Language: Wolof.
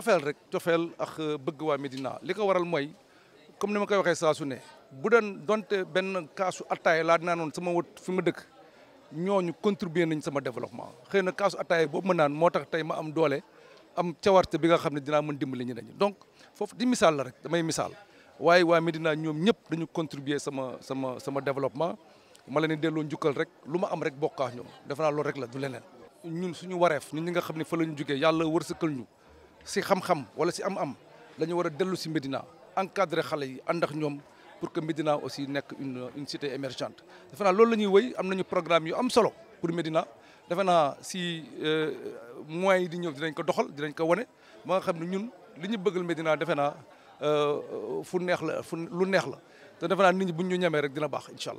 cofeel rek cofeel ak euh, bëgg waa Médina li ko waral mooy comme ni ma koy waxee saa su ne bu doon donte benn kaasu attaay laa dinaa noon sama wët fi ma dëkk ñooñu contribuer nañ sama développement xëy na kaasu attaay boobu ma naan moo tax tey ma am doole am cawarte bi nga xam ne dinaa mën dimbali ñu dañu donc foofu di misaal la rek damay misaal waaye waa Médina ñoom ñëpp dañu contribuer sama sama sama développement ma leen di delloo njukkal rek lu ma am rek bokkaa ñoom defe naa loolu rek la du leneen ñun suñu wareef ñun ñi nga xam ne fa la ñu jugee yàlla war wërsëkal ñu si xam-xam wala si am-am lañu war a si medina encadré xale yi ànd ak pour que medina aussi nekk une une cité émergente defe naa loolu la wëy am nañu programme yu am solo pour medina defe naa si euh, moyens yi di ñëw dinañ ko doxal dinañ ko wane ba nga xam ne ñun li bëggal medina defe naa euh, fu neex la fu lu neex la te defe naa nit ñi bu ñu ñemee rek dina baax incha